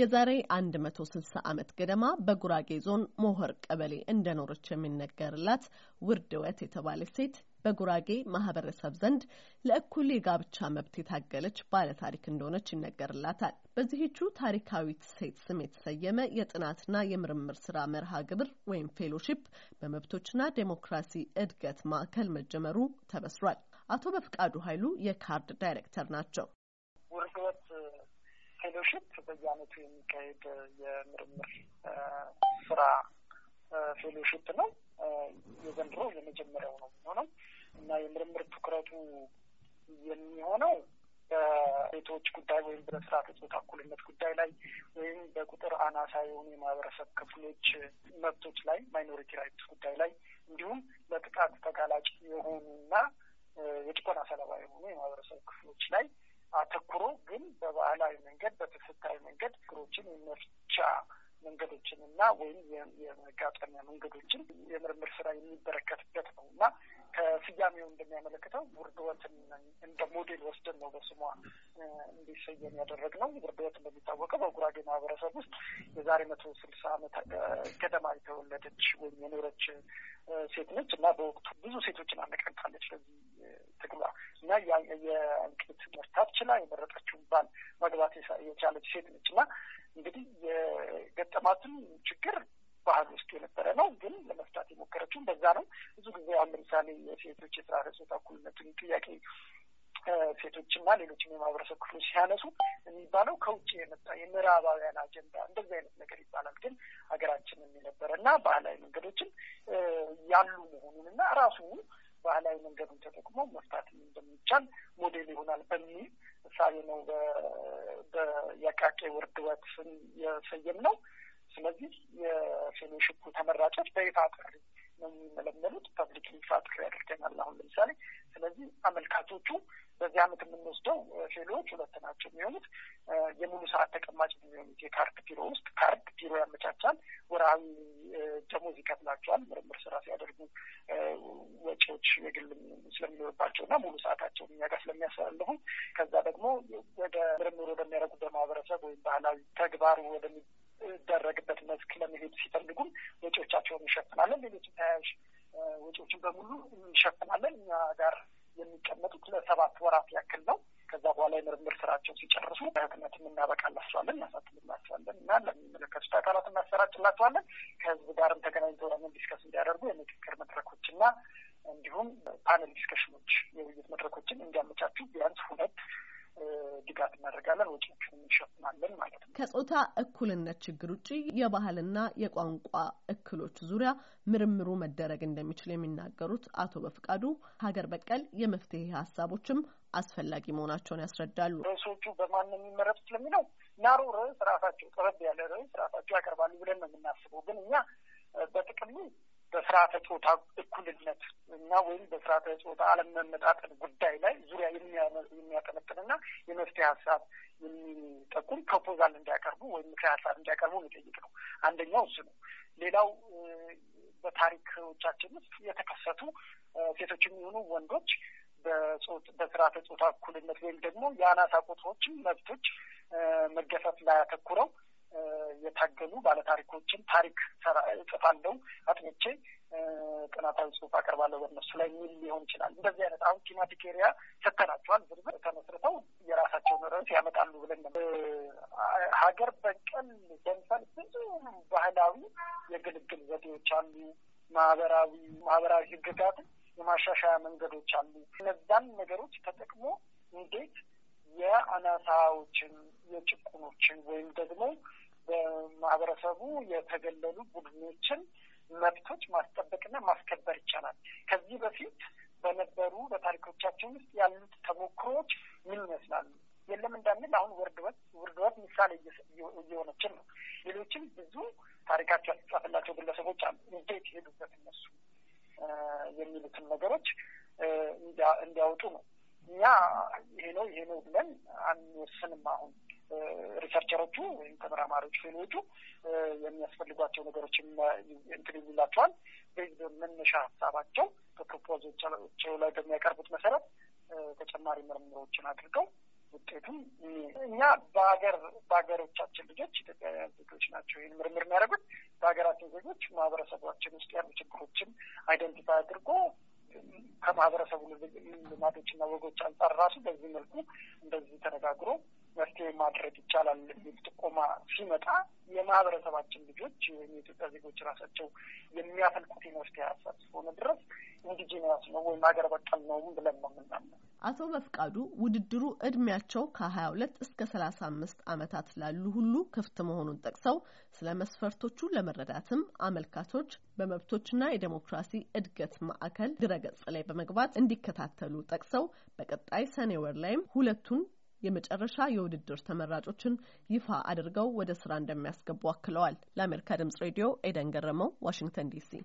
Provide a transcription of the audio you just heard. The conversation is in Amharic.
የዛሬ 160 ዓመት ገደማ በጉራጌ ዞን ሞሆር ቀበሌ እንደኖረች የሚነገርላት ውርድ ወት የተባለች ሴት በጉራጌ ማህበረሰብ ዘንድ ለእኩል የጋብቻ መብት የታገለች ባለ ታሪክ እንደሆነች ይነገርላታል። በዚህቹ ታሪካዊት ሴት ስም የተሰየመ የጥናትና የምርምር ስራ መርሃ ግብር ወይም ፌሎሺፕ በመብቶችና ዴሞክራሲ እድገት ማዕከል መጀመሩ ተበስሯል። አቶ በፍቃዱ ኃይሉ የካርድ ዳይሬክተር ናቸው። ውርድ ወት ፌሎሽፕ በየአመቱ የሚካሄድ የምርምር ስራ ፌሎሽፕ ነው። የዘንድሮ የመጀመሪያው ነው የሚሆነው እና የምርምር ትኩረቱ የሚሆነው በሴቶች ጉዳይ ወይም በስርዓተ ጾታ እኩልነት ጉዳይ ላይ ወይም በቁጥር አናሳ የሆኑ የማህበረሰብ ክፍሎች መብቶች ላይ ማይኖሪቲ ራይትስ ጉዳይ ላይ እንዲሁም ለጥቃት ተጋላጭ የሆኑና የጭቆና ሰለባ የሆኑ የማህበረሰብ ክፍሎች ላይ አተኩሮ ግን በባህላዊ መንገድ በተፈታዊ መንገድ ችግሮችን የመፍቻ መንገዶችን እና ወይም የመጋጠሚያ መንገዶችን የምርምር ስራ የሚበረከትበት ነው እና ከስያሜው እንደሚያመለክተው ውርድወትን እንደ ሞዴል ወስደን ነው በስሟ እንዲሰየም ያደረግነው። ውርድወት እንደሚታወቀው በጉራጌ ማህበረሰብ ውስጥ የዛሬ መቶ ስልሳ ዓመት ገደማ የተወለደች ወይም የኖረች ሴት ነች እና በወቅቱ ብዙ ሴቶችን አነቃቃለች። ለዚህ ትግባ እና የእንቅት መርታት ችላ የመረጠችውን ባል መግባት የቻለች ሴት ነች እና እንግዲህ የገጠማትን ችግር ባህል ውስጥ የነበረ ነው፣ ግን ለመፍታት የሞከረችውን በዛ ነው። ብዙ ጊዜ አሁን ለምሳሌ የሴቶች የስራ ርዕሶት እኩልነትን ጥያቄ ሴቶች እና ሌሎችም የማህበረሰብ ክፍሎች ሲያነሱ የሚባለው ከውጭ የመጣ የምዕራባውያን አጀንዳ እንደዚህ አይነት ነገር ይባላል። ግን ሀገራችንም የነበረ እና ባህላዊ መንገዶችን ያሉ መሆኑን እና ራሱ ባህላዊ መንገዱን ተጠቅሞ መፍታት እንደሚቻል ሞዴል ይሆናል በሚል እሳቤ ነው በየአቃቂ ወርድ ወት ስም የሰየም ነው። ስለዚህ የፌሎሺፑ ተመራጮች በይፋ ጥሪ ነው የሚመለመሉት። ፐብሊክ ፋክር ያደርገናል አሁን ለምሳሌ። ስለዚህ አመልካቾቹ በዚህ አመት የምንወስደው ፌሎዎች ሁለት ናቸው የሚሆኑት የሙሉ ሰዓት ተቀማጭ የሚሆኑት የካርድ ቢሮ ውስጥ ካርድ ቢሮ ያመቻቻል። ወርሃዊ ደሞዝ ይከፍላቸዋል። ምርምር ስራ ሲያደርጉ ወጪዎች የግል ስለሚኖርባቸው እና ሙሉ ሰዓታቸው እኛ ጋር ከዛ ደግሞ ወደ ምርምር ወደሚያደርጉ በማህበረሰብ ወይም ባህላዊ ተግባር ወደሚ ደረግበት መስክ ለመሄድ ሲፈልጉም ወጪዎቻቸውን እንሸፍናለን። ሌሎች ተያያዥ ወጪዎችን በሙሉ እንሸፍናለን። እኛ ጋር የሚቀመጡት ለሰባት ወራት ያክል ነው። ከዛ በኋላ የምርምር ስራቸው ሲጨርሱ በህትመት እናበቃላቸዋለን፣ እናሳትምላቸዋለን እና ለሚመለከቱት አካላት እናሰራጭላቸዋለን። ከህዝብ ጋርም ተገናኝተው ያንን ዲስከስ እንዲያደርጉ የምክክር መድረኮችና እንዲሁም ፓነል ዲስከሽኖች የውይይት መድረኮችን እንዲያመቻቹ ቢያንስ ሁለት ድጋፍ እናደርጋለን፣ ወጪዎቹን እንሸፍናለን ማለት ነው። ከጾታ እኩልነት ችግር ውጭ የባህልና የቋንቋ እክሎች ዙሪያ ምርምሩ መደረግ እንደሚችል የሚናገሩት አቶ በፍቃዱ ሀገር በቀል የመፍትሄ ሀሳቦችም አስፈላጊ መሆናቸውን ያስረዳሉ። ርዕሶቹ በማን ነው የሚመረጡ ስለሚለው ናሮ ርዕስ ራሳቸው ጠበብ ያለ ርዕስ ራሳቸው ያቀርባሉ ብለን ነው የምናስበው። ግን እኛ በጥቅሉ በስርዓተ ፆታ እኩልነት እና ወይም በስርዓተ ፆታ አለመመጣጠን ጉዳይ ላይ ዙሪያ የሚያጠነጥንና የመፍትሄ ሀሳብ የሚጠቁም ፕሮፖዛል እንዲያቀርቡ ወይም ምክር ሀሳብ እንዲያቀርቡ የሚጠይቅ ነው። አንደኛው እሱ ነው። ሌላው በታሪኮቻችን ውስጥ የተከሰቱ ሴቶች የሚሆኑ ወንዶች በስርዓተ ፆታ እኩልነት ወይም ደግሞ የአናሳ ቁጥሮችን መብቶች መገፈፍ ላይ አተኩረው የታገሉ ባለታሪኮችን ታሪክ እጽፋለሁ፣ አጥንቼ ጥናታዊ ጽሁፍ አቀርባለሁ በነሱ ላይ ሚል ሊሆን ይችላል። እንደዚህ አይነት አሁን ቲማቲክ ኤሪያ ሰተናቸዋል። ዝርዝር ተመስርተው የራሳቸውን ርዕስ ያመጣሉ ብለን ሀገር በቀል ደንፈል ብዙ ባህላዊ የግልግል ዘዴዎች አሉ። ማህበራዊ ማህበራዊ ህግጋት የማሻሻያ መንገዶች አሉ። እነዛን ነገሮች ተጠቅሞ እንዴት የአናሳዎችን የጭቁኖችን ወይም ደግሞ በማህበረሰቡ የተገለሉ ቡድኖችን መብቶች ማስጠበቅና ማስከበር ይቻላል። ከዚህ በፊት በነበሩ በታሪኮቻችን ውስጥ ያሉት ተሞክሮዎች ምን ይመስላሉ? የለም እንዳንል አሁን ውርድ ወት ምሳሌ እየሆነችን ነው። ሌሎችም ብዙ ታሪካቸው ያልተጻፈላቸው ግለሰቦች አሉ። እንዴት ሄዱበት እነሱ የሚሉትን ነገሮች እንዲያወጡ ነው። እኛ ይሄ ነው ይሄ ነው ብለን አንወስንም አሁን ሪሰርቸሮቹ ወይም ተመራማሪዎች ፌሎቹ የሚያስፈልጓቸው ነገሮች እንትን ይሉላቸዋል። ቤዝ በመነሻ ሀሳባቸው በፕሮፖዞቻቸው ላይ በሚያቀርቡት መሰረት ተጨማሪ ምርምሮችን አድርገው ውጤቱም እኛ በሀገር በሀገሮቻችን ልጆች ኢትዮጵያውያን ዜጎች ናቸው ይህን ምርምር የሚያደርጉት በሀገራችን ዜጎች ማህበረሰባችን ውስጥ ያሉ ችግሮችን አይደንቲፋይ አድርጎ ከማህበረሰቡ ልማዶችና ወጎች አንጻር ራሱ በዚህ መልኩ እንደዚህ ተነጋግሮ መፍትሄ ማድረግ ይቻላል የሚል ጥቆማ ሲመጣ የማህበረሰባችን ልጆች ወይም የኢትዮጵያ ዜጎች ራሳቸው የሚያፈልቁት መፍትሄ ሀሳብ እስከሆነ ድረስ ኢንዲጂኒያስ ነው ወይም ሀገር በቀል ነው ብለን ነው የምናምነው። አቶ በፍቃዱ ውድድሩ እድሜያቸው ከሀያ ሁለት እስከ ሰላሳ አምስት ዓመታት ላሉ ሁሉ ክፍት መሆኑን ጠቅሰው ስለ መስፈርቶቹ ለመረዳትም አመልካቾች በመብቶችና የዴሞክራሲ እድገት ማዕከል ድረገጽ ላይ በመግባት እንዲከታተሉ ጠቅሰው በቀጣይ ሰኔ ወር ላይም ሁለቱን የመጨረሻ የውድድር ተመራጮችን ይፋ አድርገው ወደ ስራ እንደሚያስገቡ አክለዋል። ለአሜሪካ ድምጽ ሬዲዮ ኤደን ገረመው፣ ዋሽንግተን ዲሲ